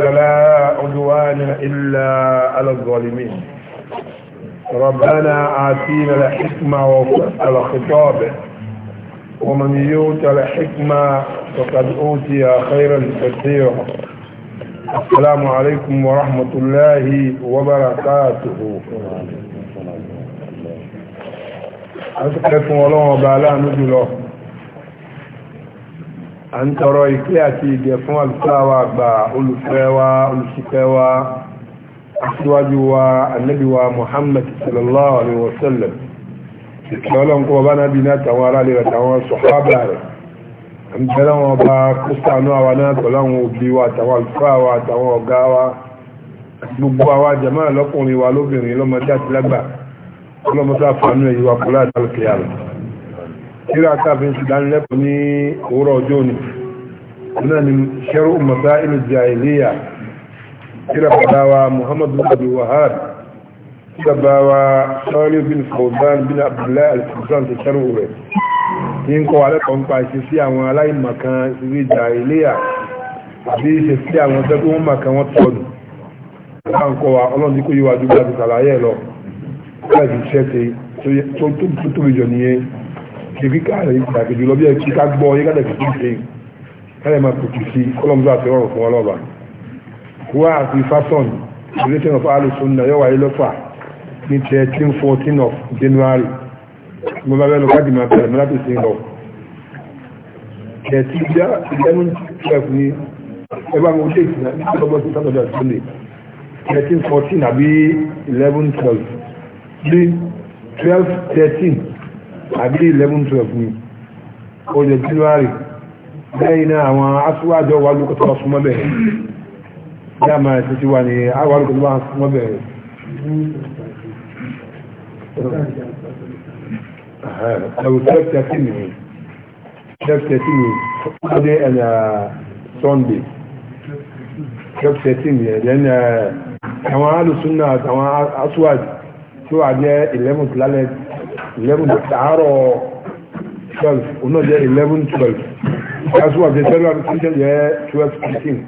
فلا عدوان إلا على الظالمين ربنا آتينا الحكمة وفق الخطاب ومن يؤت الحكمة فقد أوتي خيرا كثيرا السلام عليكم ورحمة الله وبركاته أسألكم الله وبعلا نجله à ń tọrọ ìkẹ́ àti ìgẹ̀ fún alùsáwà àgbà olùfẹ́wà olùsìfẹ́wà aṣíwájú wa annabiwa muhammad sallallahu alaihi wasallam ìkẹ́ ọlọ́nkọ́ ọba náà bí látàwọn aráàlẹ́ àtàwọn sọ̀hábà rẹ̀ ń bẹ̀rẹ̀ wọn bá kúsànú àwa náà tọ́láwọn òbí wa àtàwọn alùsáwà àtàwọn ọ̀gá wa kíra káàfin sí dánilẹ́kùn ní òwúrọ̀ ọjọ́ òní náà ni ṣẹ́rù mọ̀sá ìlú jahiliya kíra fàdáwa muhammadu abu wahab kírabawa sọ́ọ́lì bin fawzan bin abdullahi al-fawzan ti ṣẹ́rù rẹ̀ ní ń kọ́ alẹ́kọ̀ọ́ ń pa ṣe sí àwọn aláìmọ̀kan ìrí jahiliya àbí ṣe sí àwọn tẹ́kù wọn mọ̀kan wọn tọ́nu láǹkọ́ wa ọlọ́dún kó yíwájú bá ti sàlàyé lọ láti ṣẹ́ tó tóbi jọ nìyẹn kìríkà rẹ̀ ìgbàkejì lọ bí ẹ kíkà gbọ́ yẹ kádà kìkì ṣe kálẹ̀ máa pòkì sí kọ́lọ́mùsọ àti ọ̀rọ̀ fún ọlọ́ba wá àti fásọ̀n relation of alison náà yọ̀wá ilọ́fà ní thirteen fourteen of January mo bá bẹ́ẹ̀ lọ káàdì máa bẹ̀rẹ̀ mẹ́láti sí lọ kẹ̀tì bíá eleven twelve ní ẹ bá mo dé ìsìn ní ọgbọ́n sí sátọ̀dọ̀ àti sunday thirteen fourteen àbí eleven twelve ní twelve thirteen àbí eleven twelve ni ó jẹ january lẹ́yìn náà àwọn aṣíwájú wà lóko tó bá súnmọ́ bẹ̀rẹ̀ bí a máa ṣe ti wà ní àwọn lóko tó bá súnmọ́ bẹ̀rẹ̀ ẹ̀wọ̀ twelve thirteen ni twelve thirteen ni Saturday eleven àárọ̀ twelve òun náà eleven twelve yasuwa jẹ́ twelve abisation jẹ́ twelve fifteen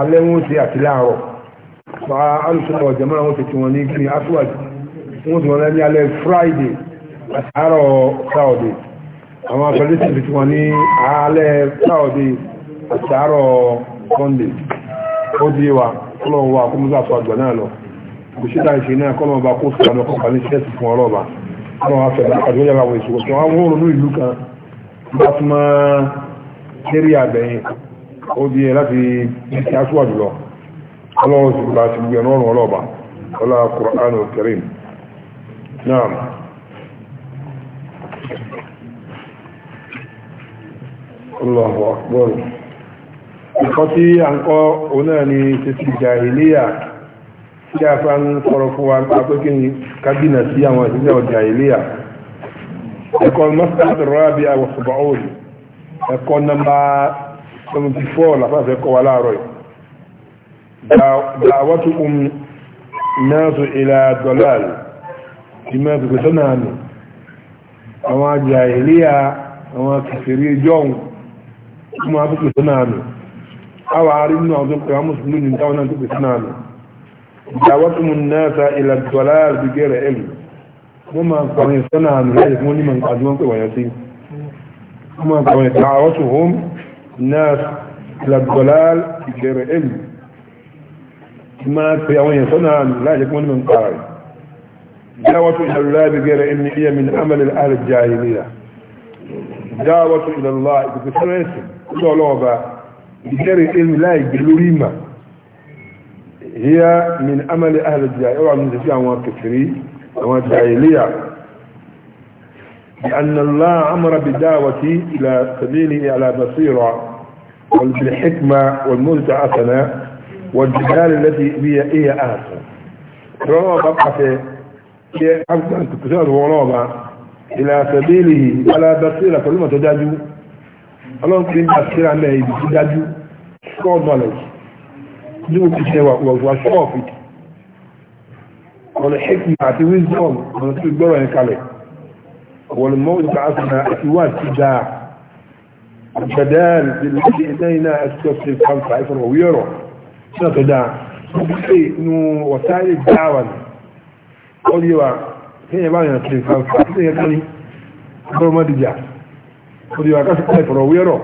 alẹ́ wọn ti àti láàárọ̀ fa alùsùnà ọ̀jẹ̀ mọ́ra wọn ti tiwọn ní kí ni asuwa wọn ti wọn ní alẹ́ friday àti àárọ̀ saturday àwọn afẹ́lẹ́sì ti tiwọn ní alẹ́ saturday àti àárọ̀ sunday ó di wa kọ́lọ̀ wa kó mú sàtọ̀ àgbà náà lọ kò sí láì ṣe náà kọ́lọ̀ ọba kó sàánú kọ́kànlẹ́ sẹ́ẹ̀sì fún ọlọ́ọ̀bà àwọn afẹ́lá àdúgbò yàrá àwọn ìṣòwò tí wọ́n wọ́n ronú ìlú kan bá tún mọ́ eré àbẹ̀yìn ó di ẹ láti ṣe aṣọ́wà jùlọ ọlọ́run sì gba àti gbogbo ẹ̀nà ọ̀rùn ọlọ́ọ̀bà tí à ń kọ́ òun náà ni títí jahiliya tí a fa ń kọrọ fún wa pàtókè ní kábínà sí àwọn ìṣẹ́lẹ̀ ọjà ìléyà ẹ̀kọ́ mọ́sítàtì rọ́bì àwọn ṣùgbọ́n òòlù ẹ̀kọ́ nọ́mbà 74 làfáàfẹ́ kọ́ wa láàárọ̀ dàwọ́tù um náàtù ilà dọ́làl ìmọ̀ ìpèsè sọ́nà àmì àwọn àjà ìléyà àwọn kìfèrí jọ́hùn ìmọ̀ àpèsè sọ́nà àmì àwọn arínú àwọn tó ń náà tó دعوتهم الناس إلى الضلال بغير علم وما قوي سنة عن ذلك مولي من قدوان كويسين وما قوي دعوتهم الناس إلى الضلال بغير علم ما قوي سنة عن ذلك مولي من قوي دعوة إلى الله بغير علم هي من عمل الأهل الجاهلية دعوة إلى الله بغير علم لا يجلو هي من أمل أهل الجاهلية أو من تفيع وكفري أو الجاهلية لأن الله أمر بالدعوة إلى سبيله على بصيرة والحكمة والموتى اثناء والجهال التي هي هي أحسن روما بقى في هي أفضل تكسر ونوبة إلى سبيله على بصيرة كلمة تداجو الله يمكن أن يبصير عنه يبصير داجو God knowledge do what you say was sure of it ọ̀nà hekima àti wisdom ọ̀nà tó gbọ́rọ̀ yẹn kalẹ̀ wọ́n mọ́ ìta asana àti wà ti dáa àgbàdáàlì ti lọ́sí ìdáyìnà àti kàmfà ìfọ̀rọ̀ wíọ̀rọ̀ tí wọ́n tó dáa wọ́n pè nù wọ̀táyé dáwà ní ọdíwà kéèyàn bá yàn kiri kàmfà àti yẹn kan ní ọgbọ́n mọ́dìjà ọdíwà kásìkò ìfọ̀rọ̀ wíọ̀rọ̀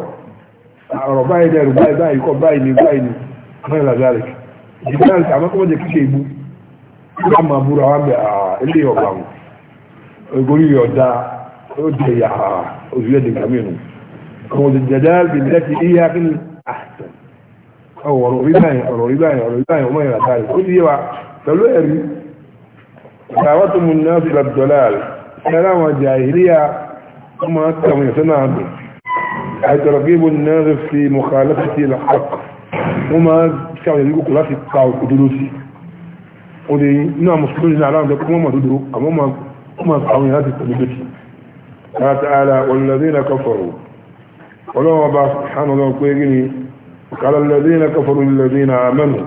ọ̀rọ̀ báyìí dẹ̀rù báyìí báyìí kọ́ báyìí ní báyìí ní غير ذلك جبال تعمق وجهك جاك شيبو أما أبورا وامي اللي يوبان يقول يودا يودا يا أزياد كمينو هو الجدال بالتي هي في الأحسن أو رؤيباني رؤيبان رؤيباني وما إلى ذلك قل يوا فلو أري دعوتهم الناس إلى الضلال سلام الجاهلية ثم أكثر من سنة عنه حيث رقيب الناس في مخالفة الحق wọ́n máa fi àwọn ìlú kò láti pa òdodo sí òde inú àwọn mùsùlùmí ní aláwọ̀ pé wọ́n mọ̀ dodo àwọn máa pa àwọn ìlú láti pẹ̀lú bẹ́tì látàlá walladhina kafaru ọlọ́wọ́ bá sàn lọ pé kí ni kàlà alladhina kafaru alladhina amanu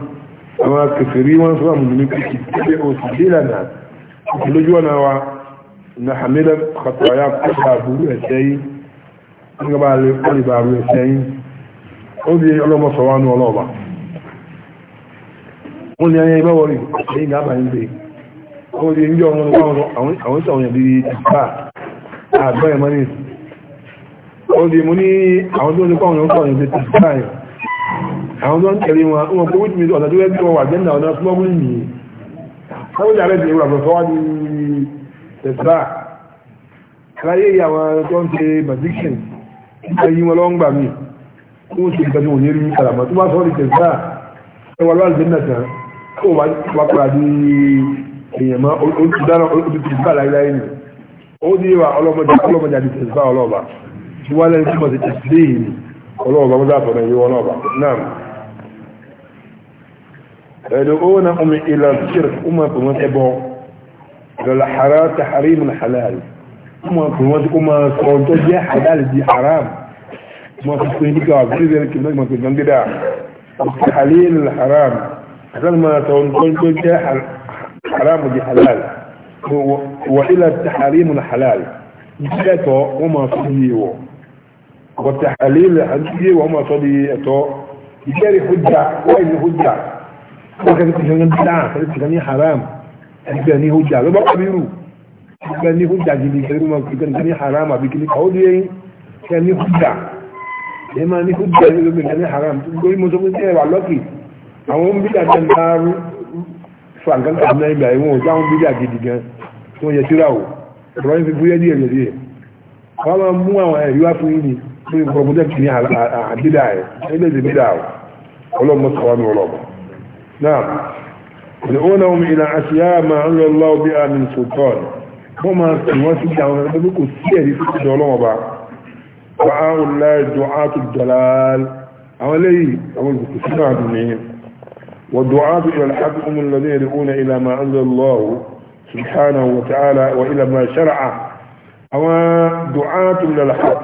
àwọn akẹfẹ̀rí wọn sọ́rọ̀ mú ní kìkì ó di ọlọ́mọ sọ̀wánú ọlọ́ọ̀bà ó ní ayẹ ibẹ́ wọlé ní ìgbàbà ń gbé ó di ń jọ ọmọ àwọn ìṣàwọn ìbí ìpá àgbọ́ ẹ̀mọ́ ní ó di mú ní àwọn tó ní pàwọn ìwọ̀n pàwọn ìbí ìpá ẹ̀ àwọn tó ń tẹ̀lé wọn wọn kó wíjì mi ọ̀dà tó wẹ́gbẹ́ wọn wà jẹ́ náà náà fúnmọ́ wúlì nìyí sáwọn ìjà rẹ̀ ti wà lọ́sọ́ wá ní tẹ̀sà aláyé àwọn tó ń ṣe magician ń tẹ̀yí wọn lọ́ngbà míì tó ṣe ìgbàjú òní rí àràmà tó bá sọ ní tẹ̀síà ẹwà lọ́wọ́ àlùjẹ́ náà tán tó bá wà padà di èèyàn mọ́ olùdáná olùtẹ̀síà láíláí ni ó ní ìwà ọlọ́mọdé ọlọ́mọdé àti tẹ̀síà ọlọ́ọ̀bà tí wọ́n lẹ́yìn tí mo ti tẹ̀síà yìí ọlọ́ọ̀bà mo dáàtọ̀ náà yìí ọlọ́ọ̀bà náà ẹ̀dọ̀ ó na ọmọ ìlà ṣír ọmọ pè wọ́n ẹbọ lọ́la haram tahari min halal ọmọ pè wọ́n ti kó máa jẹ́ halal di haram ما تكون بك عبريد يعني كمدك ما تكون جدع حليل الحرام حسن ما تقول كل شيء حرام ودي حلال وإلى التحريم الحلال جاته وما صديه والتحليل حديه وما صديته يجاري حجة وإن حجة وكذلك تشغل بدعة كذلك تشغل حرام ẹgbẹ̀ni hujja ló bá kàbírù ẹgbẹ̀ni hujja jìbìtì ẹgbẹ̀ni hujja jìbìtì ẹgbẹ̀ni hujja ẹ máa ní kúndé ẹni lómi ìdáni haram torí mo sọ pé ṣe wà lọ́kì àwọn bídà tẹ̀ ń bá fàǹkan kà náà ìgbà ìwọ̀n òjá àwọn bídà gidi gan tí wọ́n yẹ síra o ọ̀rọ̀ yẹn fi búyẹ́ díẹ̀ yẹ̀ díẹ̀ wọ́n máa mú àwọn ẹ̀rí wá fún yìí ní ìfọ̀rọ̀mọ́tẹ́ kì í àbídà ẹ̀ ẹgbẹ́ ti bídà o ọlọ́mọ sọ̀rọ̀ ọlọ́mọ náà يدعونهم دعاء الله دعاة الجلال أولي أول بكسنا منهم والدعاة إلى الحق هم الذين يدعون إلى ما أنزل الله سبحانه وتعالى وإلى ما شرع أو دعاة إلى الحق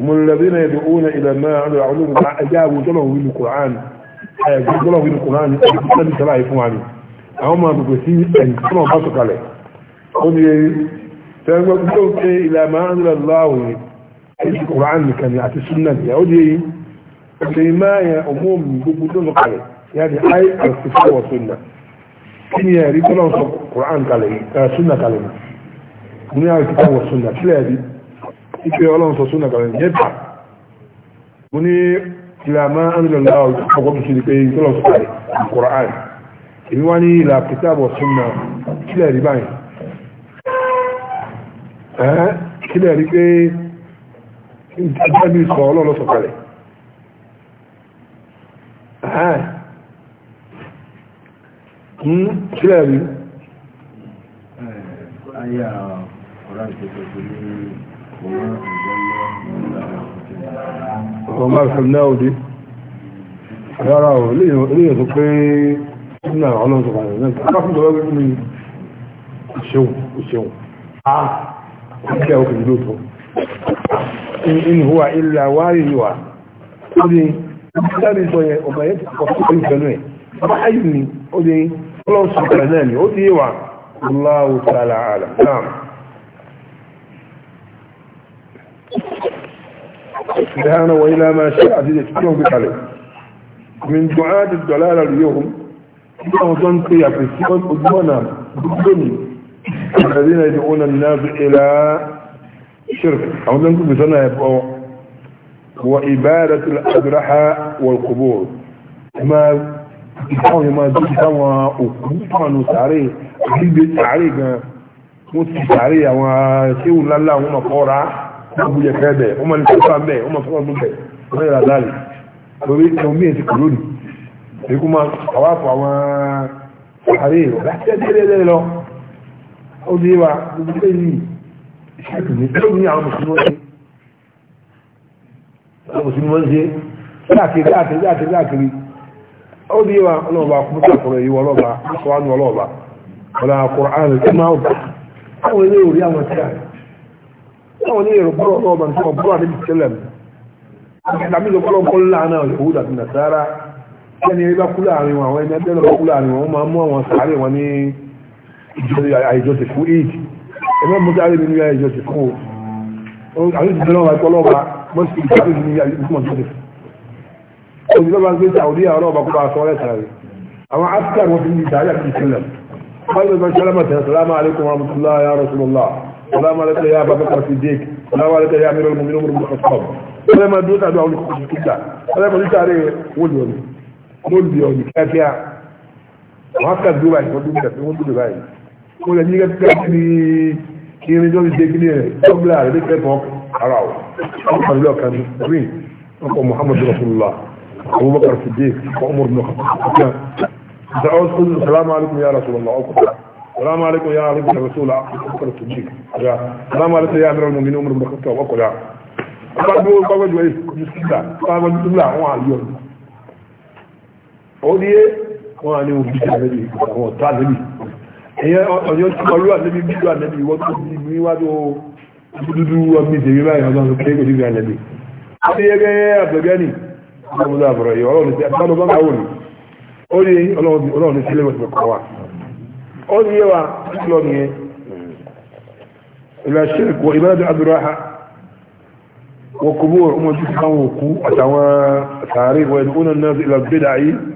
هم الذين يدعون إلى ما أنزل الله أجابوا له في القرآن أجابوا له في القرآن أجابوا له في القرآن أو ما تقصدوا أن تقصدوا عليه tẹ́gbẹ́ tó ń pé ilẹ̀ máa ń lọ láwùn ní ẹ̀yí kùrán nìkan ni àti súnà ní ó dé yìí ṣe máa yẹn ọmọ mi gbogbo tó ń kalẹ̀ ya di ayé àlùfíṣẹ́ wọ súnà kí ni ẹ̀rí tó náà sọ kùrán kalẹ̀ yìí súnà kalẹ̀ ni mo ní àlùfíṣẹ́ wọ súnà sílẹ̀ ẹ̀rí ipe ọlọ́run sọ súnà kalẹ̀ ní ẹ̀ta mo ní ilẹ̀ máa ń lọ láwùn ọkọ̀ tó ti di pé tó kalẹ̀ kùrán èmi wá ní ilẹ̀ àlùfíṣẹ́ wọ súnà sílẹ̀ ẹ̀rí báyìí ẹ́ kí lẹ́rí pé ìjọba ìsọ̀ ọlọ́run sọ̀kalẹ̀ hmm, kí lẹ́rí ayà ọ̀rán ìpẹ̀lẹ̀ ọmọ ìfẹ̀lẹ̀ òdí rárá ò léyìn tó pé ìpínlẹ̀ ọlọ́run sọ̀kalẹ̀ náà ìjẹ́ òkè ìlúfò in huwa illa wáríwá ó dé ìjáde sọ yẹn ọmọ yẹn ti kọ̀ fún ìfẹ́lú ẹ̀ bá ayù ni ó dé ọlọ́run sọ ìkàrẹ̀ náà وإلى ما شاء عزيزة تكون من دعاة الدلالة اليوم أظن في أبسيون أدوانا بدوني الذين يدعون الناس إلى شرك أو لنكم بسنة يبقوا وإبادة الأدرحة والقبور ما يحاول ما تسوى وكمان سعري أجيب سعري موسى سعري وسيو لله وما قورا أبو يكاد وما نتفع به وما صور به غير ذلك ومين تقولون يقول ما طواف وما سعري لا تدري له ó ní wa gbogbo ilé yìí ìṣẹ́kù ní tó ní àwọn mùsùlùmí a àwọn ilé ìrọ̀ bọ́rọ̀ ọlọ́ọ̀bà ní sọ bọ́rọ̀ àti ìṣẹ̀lẹ̀ àmì ìlọ́kọ́lọ́ kọ́ láàánà òwúdà ti nà àìjọsìn fún eid ẹgbẹ́ mọ́tí àrẹ mi ní àìjọsìn fún o àwọn ìdílé náà wáyé pọ́lọ́wà mọ́sí ìgbàlẹ̀ ní àìjọsìn òṣìṣẹ́ bá ń gbé sàwọ́dí àwọn ọba kó bá sọ ọ́rẹ́ sàrẹ̀ àwọn afghan wọn fi ní ìdájà kì í sílẹ̀ wọ́n lè sọ́lá mọ̀tẹ́ sàlámà alaikum warahmatullahi ya rasulullah sàlámà alaikum ya bàbá kan sí dèk sàlámà alaikum ya mìíràn mìíràn mìíràn kọ̀ọ̀kọ̀ ọ̀rẹ́ máa dúró tàbí àwọn olùkọ́ kíkà ọ̀rẹ́ máa dúró wọ́n lè ọ̀nì kíákíá àwọn afghan dúró báyìí wọ́n dúró báyìí kó lè ní kẹ́kẹ́ kí ni irin tó ti dé kí ni rẹ̀ tọ́gbìlà rẹ̀ lẹ́kẹ́ tọ́ ara ọ̀ ọkàn lọ kan ọkọ̀ muhammadu rasulullah abubakar siddiq ọkọ̀ umar bin khattab salamu alaikum ya rasulullah ọkọ̀ salamu alaikum ya rasulullah abubakar siddiq salamu alaikum ya amiral mu'minin umar bin khattab ọkọ̀ ya ọba bí wọ́n kọ́kọ́ jù ẹ́ ẹ̀yẹ ọ̀yọ́ ọlú ànẹ́bí bídú ànẹ́bí wọ́n tó di níwájú dúdú ọmọ ìdèrí báyìí ọ̀dọ́ ọ̀dọ́ kéèkó dídú ànẹ́bí. adéyẹgẹ abẹgẹni ọlọmọdé àbọrọ yìí ọlọ́run ti àtàwọn ọba máa wò ní ó ní ọlọ́run ti sílẹ̀ wọ̀tí kọ́ wa ó ní yẹwà lọ nìyẹn ìlà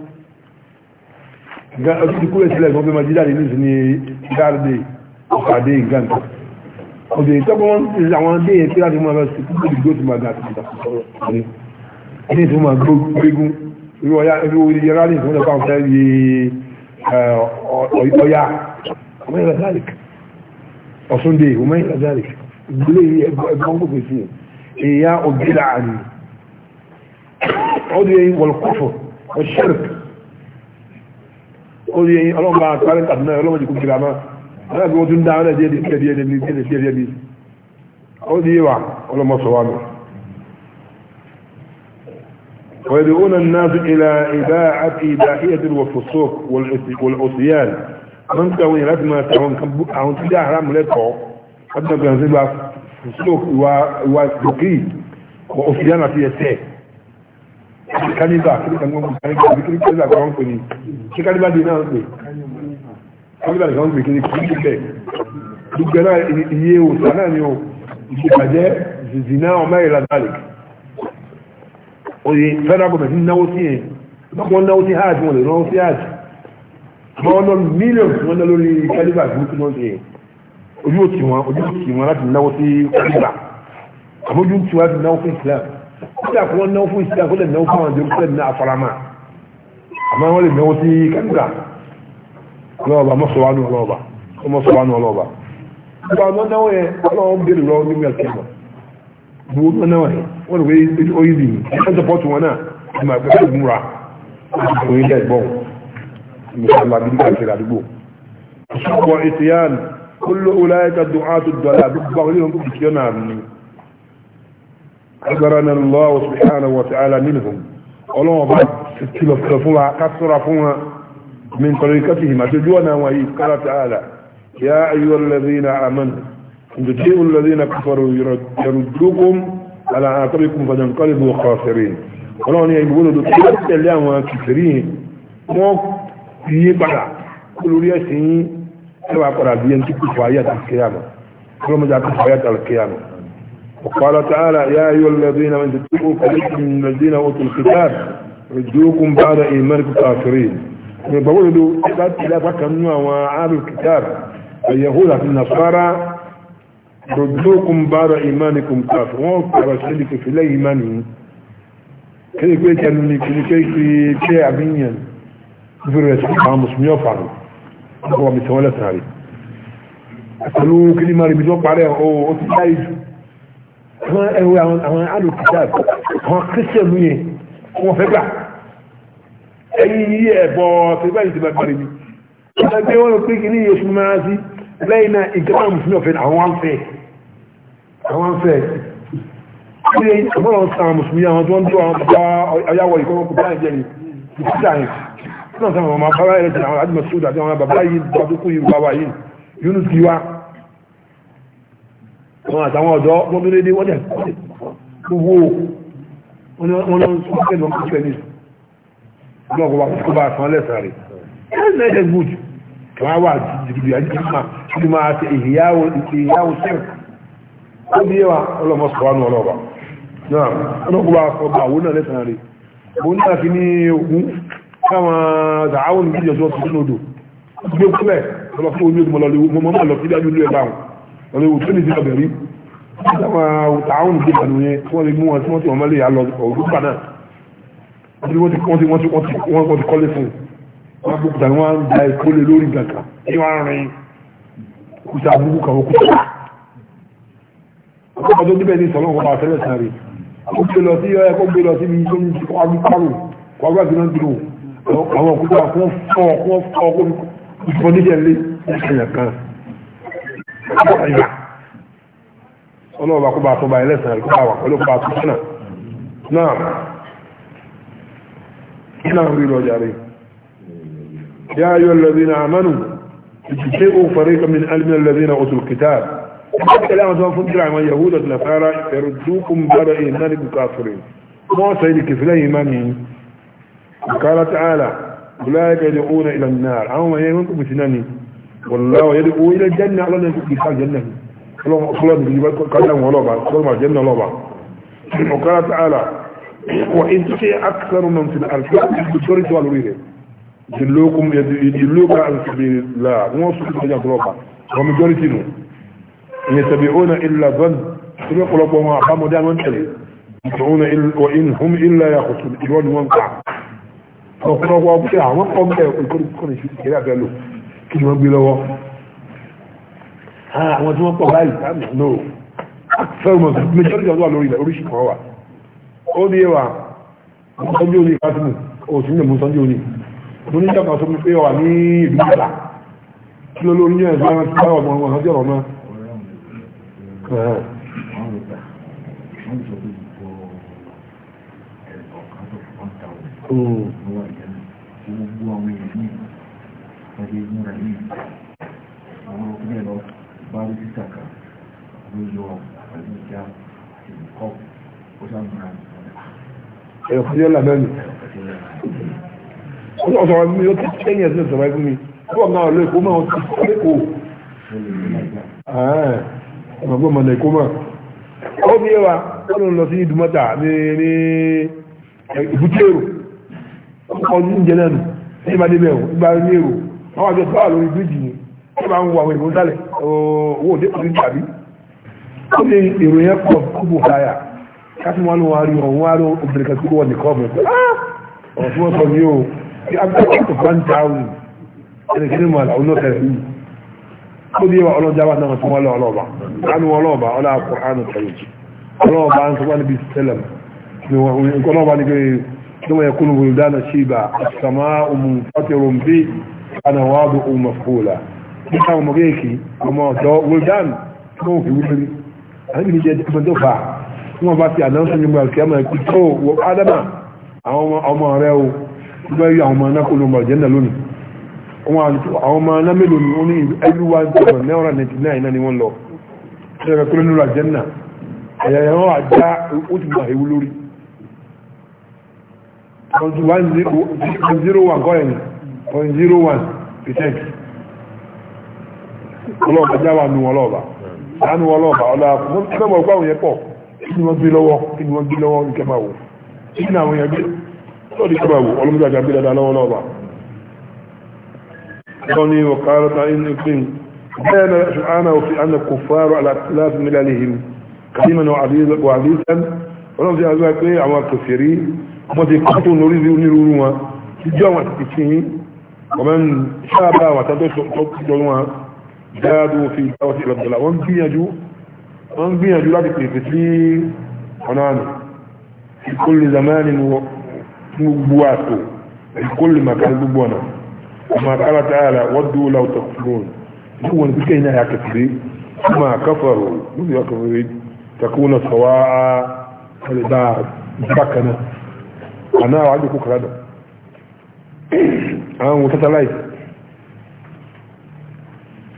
ìkúrẹ́ sílẹ̀ gan bí ma jíjáde ní ìsinmi gáàdé ọ̀pàdé ìgbàǹkà ọdún ìtọ́kọ́ wọn ti àwọn adé yẹn tí láti mú abẹ́ sí kúrò ìgbó tó máa ga àti ìgbà sọ̀rọ̀ ní ní tó máa gbégún irú ọ̀yá irú yẹra ní ìfúnlẹ̀ fáwọn fẹ́ yé ọ̀yá ọmọ ìlà zalik ọ̀súndé ọmọ ìlà zalik ìgbélé ẹgbọ́n gbogbo sí ẹ̀yà ọ̀gbẹ́lá àní ọdún yẹn wọ̀lọ̀kọ̀fọ̀ ọ̀ṣẹ́rẹ̀kì orí ẹyin ọlọ́mọba àtàrí kàdúnà ọlọ́mọdé kò kìlà máa aláàbí wọ́n tún dá ọ̀rẹ́ díẹ̀ díẹ̀ díẹ̀ díẹ̀ díẹ̀ díẹ̀ díẹ̀ díẹ̀ ó di wà ọlọ́mọ sọ wa mi. ويدعون الناس إلى إباعة إباحية والفسوق والعصيان من كون لازم تعون كم عون تجاه حرام لكو قد نكون زبا فسوق وسوقي وعصيان في السيف kánibà kíríkàníbà kíríkàníbà kan ń pè ní kíríkàníbà dé náà ń pè kánibà kan ń pè kí ní kí bẹ́ẹ̀ gbogbo náà iye òtà náà ni ó ìṣèbàjẹ́ zìzì náà ọmọ ìlà dalek oye federal government náwó sí yẹn lọ́pọ̀ náwó sí hajj wọn lè náwó sí hajj àmọ́ wọn lọ mílíọ̀nù tí wọ́n ná lórí kánibà burúkú náà sí yẹn ojú òtì wọn ojú òtì wọn láti náwó sí kánibà àmójú òtì wọn láti náwó sí Islam sídà kó wọ́n náwó fún sídà kó lè náwó fún àwọn ìjọba ní afárama àmọ́ wọ́n lè náwó sí kẹ́ńtà ọlọ́ọ̀bà mọ́sọ̀wánú ọlọ́ọ̀bà mọ́sọ̀wánú ọlọ́ọ̀bà nípa ọmọ náwó yẹn ọlọ́wọ́ ń bèrè lọ́wọ́ nígbà kẹ́mọ̀ bu ọmọ náwó yẹn wọ́n lè wé oyin dì ní ẹ̀ sọpọ́tù wọn náà ẹ̀ máa gbẹ́sẹ̀ múra oyin dẹ̀ gbọ́n mùsùlùmí àbí nígbà kẹ́rẹ́ àdúgbò. ọ̀ṣọ́ agbáraná lọ́wọ́ subhanahu wa ta'ala minhum ọlọ́wọ́ bá kìlọ̀ kìlọ̀ fún wa ká sọ́ra fún wa min tariqatihim àti ojú ọ̀nà wọn yìí qala ta'ala ya ayyuhal ladhina amanu in tuti'u alladhina kafaru yaruddukum ala aqabikum fatanqalibu khasirin ọlọ́wọ́ ni ẹ̀yìn gbọ́dọ̀ tó tẹ̀lé àwọn kìfìrí wọn yí padà lórí ẹ̀sìn yín padà bí ẹni tó kù fún وقال تعالى يا أيها الذين من تتقوا من الذين أوتوا الكتاب رجوكم بعد إيمانكم كافرين بقول له لا نوى وعاد الكتاب اليهود في النصارى رجوكم بعد إيمانكم كافرين وقال في الإيمان إيماني كي كي كي كي كي كي عبينيا بفرق سبحان مسلم يفعل هو مثولة هذه أسألوه كلمة اللي بيتوقع عليها أو أتلاقيه àwọn ẹwẹ àwọn alùpùpù àwọn christian ló yẹn wọn fẹ́ gbà ẹyin yí ẹbọ tẹgbà yìí ti bàbá rẹ ni wọn gbé wọn pé kí ní iye súnmọ́ ara sí lẹ́yìn náà ìjọba mùsùlùmí ọ̀fẹ́ àwọn wá ń fẹ́ àwọn ń fẹ́ ilé ìjọba wọn sàn mùsùlùmí àwọn tó ń dúró àwọn bàbá ayáwọ ìkọ́wọ́ kò báyìí kò sí sáyẹn náà sáwọn ọmọ bàbá yẹn lẹ́sìn àwọn àwọn bàbá bàbá yìí bàbá yìí yónú wọn àtàwọn ọ̀dọ́ wọ́n dúró dé wọ́n dẹ̀ gbogbo wọn lọ sọ pé lọ́n kí fẹ́ni lọ́kọ̀ wa kó bá san lẹ́sà rẹ̀ ẹ̀ẹ́dẹ̀ ẹ̀ẹ́dẹ̀ gùd kí wọ́n wà jìbìtì àjíjìmá kí wọ́n máa ti ìyáwó ìyáwó sẹ́ẹ̀k ó bí wa ọlọ́mọ sọ wá nù ọlọ́ba náà ọlọ́kọ̀ wa kọ bá àwọn náà lẹ́sà rẹ̀ òun náà fi ní ogun káwọn zàáwọn ìgbìyànjú ọ̀tún lódò gbé kúlẹ̀ ọlọ́fún omi ò wọ́n lè wò tó ní sí ọbẹ̀ rí dáwọn tààwọn ìdí ìbànú yẹn tí wọ́n lè mú wọn tí wọ́n ti wọ́n mọ́lẹ̀ yà lọ òru gbà náà wọ́n ti wọ́n ti wọ́n ti wọ́n ti wọ́n ti kọ́lé fún wọn gbogbo tàbí wọ́n da ìkólé lórí gàgà tí wọ́n rin kùsà àbúkù kan ó kùsà. àkọ́kọ́ tó débẹ̀ ní sọ́lọ́ wọn bá fẹ́lẹ̀ sáré ó gbé lọ sí ẹ kó gbé lọ síbi tó ń kọ́ agbárò kọ́ agbárò tó ń dúró àwọn òkúta kó fọ́ kó fọ́ kó fọ́ ìgbà ọlọ́ọ̀bà kó bá tó bá ẹlẹ́sìn àti kó bá wà pẹ̀lú kó bá tó sọ́nà náà kí náà rí lọ́jà rẹ̀ yá ayọ́ lẹ́bìnà àmánù ìjìṣẹ́ ó fẹ́rẹ́ kàmí alìmọ̀ lẹ́bìnà òtùl kìtà ìpàkẹ́lẹ́ àwọn tó fún kíra àwọn yahudu àti nasara ẹ̀rù dúkùn bára èyí náà nígbù káfírin wọ́n sọ èdè kìfìlẹ̀ yìí máa nìyí kàrà tààlà bùláyà kẹ́lẹ̀ òun ilẹ̀ náà àwọn ẹ̀yẹ́ wọn kò bìtì náà nìyí والله يدعو إلى الجنة على أن يكون إنسان جنة اللهم قدم ولوبا قدم الجنة لوبا وقال تعالى وإن تطيع أكثر من في الأرض بالدرجة والوريد يدلوكم يدلوك عن سبيل الله مو سبيل الله لوبا ومن دورتين يتبعون إلا ظن سبق لكم وأقاموا دائما تلي يدعون وإن هم إلا يخصون إلوان وانقع فقالوا أبو شاء وانقعوا بيه ويكونوا كونوا شيء كلا قالوا kí wọ́n gbé lọ́wọ́ àwọn tí wọ́n pọ̀ báyìí no fẹ́rùmọ̀ majority ọdún wà ilẹ̀ oríṣi kan wà ó ní ẹwà sọ́jú òní ìfásitì òsì nílẹ̀ mú sọ́jú òní mo ní pé wà ní ìlú ìjọba kí ló pẹ̀lú múra yìí àwọn ọkùnrin lọ bá rí títà kan ló yọ pẹ̀lú ìjà àti ìkọ́ ó sàmúra ẹ̀rọ fún yọ́lá bẹ́ẹ̀ ni ó sọ̀rọ̀ mi ó ti tẹ́yìn ẹ̀sìn ìsọ̀rọ̀ ẹ̀fún mi púpọ̀ náà ló èkó máa ti kó ọmọ gbọ́n mọ̀ lẹ́kó máa ó bí wa ó lọ sí ìdúmọ́ta ní ìbútẹ́rù ọkọ̀ oúnjẹ àwọn àjọ tó wà lórí bíríjì ni wọ́n máa ń wọ àwọn èrò sálẹ̀ owó òde kùnrin tàbí ó ní èrò yẹn kúbù táyà káfí wọn wá rí ọ̀hún wá rí obìnrin kan tí ah! wọ́n sọ ní o kí òun ẹni kí ni mo àlà tẹ̀lé yìí ó ní ìwà ọlọ́jà wà náà wọ́n lọ ọlọ́ọ̀bà kánú ọlọ́ọ̀bà ọlọ́ọ̀bà ń sọ ثم يكون الولدان شيبا a منفطر به أنا واضع مفقولا nípa ọmọ gẹ́ẹ̀kì ọmọ ọ̀dọ́ wildan tó wọ́n fi wípé àbí jẹ́ ẹgbẹ́ tó fà tí wọ́n bá ti àdánsọ́ nígbà kẹ́mà ẹ̀kú tó wọ ádámà àwọn ọmọ rẹ̀ o gbọ́ yí àwọn ọmọ náà kó lọ́mọ jẹ́ndà 99 ni lọ 0.01 kọ́ ẹ̀yìn 0.01 percent ọlọ́ọ̀bá jáwà nù ọlọ́ọ̀bá láàánú ọlọ́ọ̀bá ọlọ́ọ̀bá ọgbáwọn yẹ pọ̀ kí ni wọ́n gbé lọ́wọ́ kí ni wọ́n gbé lọ́wọ́ ní kẹmàwó kí ni àwọn yẹgbé lọ́dí kẹmàwó ọlọ́mọdé àjà gbé dáadáa lọ́wọ́ lọ́ọ̀bá lọ́wọ́ ni ọ̀kárọ́ta inú pín bẹ́ẹ̀nà ṣùgbọ́n òfin àna kò fárọ̀ aláàtìláàtì mílẹ̀ àlehìm kàdímọ̀ náà àdíyẹ́ ọlọ́run fi àgbà pé àwọn kòfèrí wọ́n ti kọ́ tó lórí onírúurú wọn ìjọ wọn ti fi yín ọmọ ń sábà wà tó jọ wọn dáadó fi ìdáwọ́ sí ìlọ́gbọ̀lá wọ́n gbìyànjú wọ́n gbìyànjú láti pèsè sí ọ̀nà àná ìkólè zamani gbogbo àtò ìkólè màkàrí gbogbo ọ̀nà ọmọ akálà tààlà wọ́n dúró láwùtọ̀ fúlóòrùn duk wani suka yana ya kafire àná àwọn àjòkó kàrádà àwọn wò satellite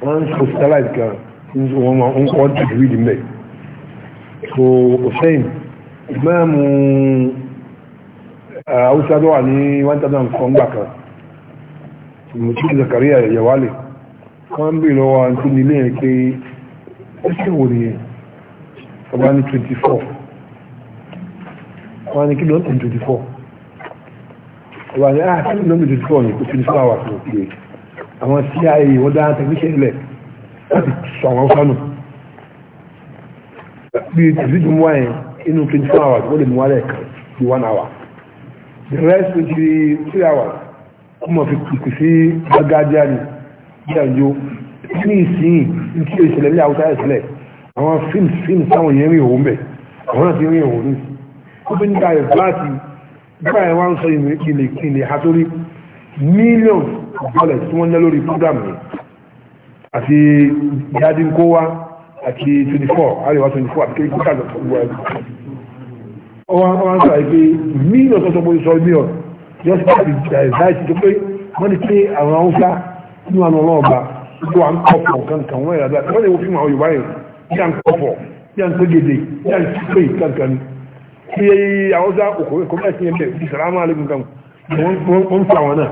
wọ́n ń sọ satellite kan wọ́n ma ń kọ́ ti dìrí dìmẹ̀ so hussein ìmáàmù haúsá tó wà ní 1000 kọ́ngbà kan mùtí zakaria yawale kan bí lọ́wọ́ àti nílé yẹn pé ẹsẹ̀ wò nìyẹn ọba ní 24 wọ́n ní kí ló 24 wà ní àti lómìnir tó ní kò finish flower tó pè àwọn cia wọ́n dá tẹ̀síṣẹ́ ilẹ̀ láti sọ àwọn sánù bí tẹ̀sí ju mú àyẹn inú finish flower tó lè mú wálẹ̀ kan bí one hour the rest will be three hours kó mọ̀ fi kìkì sí gbágájá ni bí àjò ní ìsìn ní kí ìṣẹ̀lẹ̀ ní àwùjọ ìṣẹ̀lẹ̀ àwọn fíìmù fíìmù táwọn yẹn rí òun bẹ̀ àwọn náà ti rí òun ní ó fi ń nígbà yẹn wá ń sọ ìlè ìlè àtórí millions of dollars tí wọ́n ná lórí program yìí àti jáde kó wá àti twenty four àríwá twenty four àti kékeré kan gbogbo ẹ̀ ọwọ́ àwọn sọ àìpé millions ọ̀sọ̀ bóyá sọ millions just like the advice tó pé wọ́n ti pé àwọn haúsá nínú àwọn ọlọ́ọ̀ba tó wà ń kọ̀pọ̀ kankan wọ́n yàrá wọ́n lè wo fíìmù àwọn Yorùbá yẹn bí à ń kọ̀pọ̀ bí à ń pégede bí kankan ni tí àwọn za òkú ẹ̀sìn ẹ̀mẹ́ ìsàlámù alẹ́gùn kan wọ́n fà wọn náà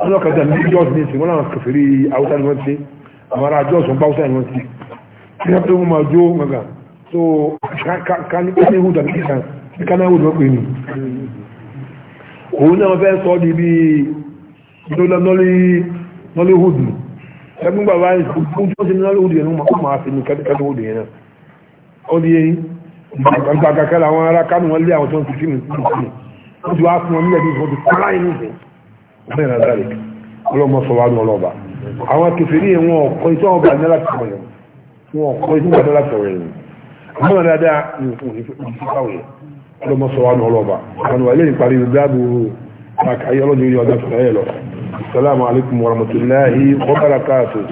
wọ́n lọ́kà dà ní jọ́ọ̀sì ní ìsìn wọ́n láwọn kẹfẹ́rí haúsá ni wọ́n ti àwọn ará jọ́ọ̀sì wọn bá haúsá ni wọ́n ti tí wọ́n pé wọ́n máa jó gbọ̀ngàn so ká ní pẹ́ẹ́lí ìhùn tàbí kíkan ní ká náà wò lọ́pẹ́ ni òun náà fẹ́ sọ di bí nollywood ẹgbẹ́ bàbá ìsìn fún jọ́ọ̀sì nollywood yẹn ó máa fi ní kẹ́tẹ́kẹ́tẹ́ àgbàgbà kankan làwọn ará kánú wọn lé àwọn tó ń fi sínú ìsìnkú wọn ti wá fún wọn nílẹ̀ bí wọn ti kọ́lá inú ìsìn ọ̀bẹ́ ìrìn àdáyé ọlọ́mọ sọ wá ní ọlọ́ba àwọn kẹfìrí wọn ọ̀kọ́ iṣẹ́ wọn bá ní láti sọ̀rọ̀ yẹn wọn ọ̀kọ́ iṣẹ́ wọn bá ní láti sọ̀rọ̀ yẹn àwọn dáadáa ní ìfúnfáwò yẹn ọlọ́mọ sọ wá alaikum warahmatullahi wabarakatuh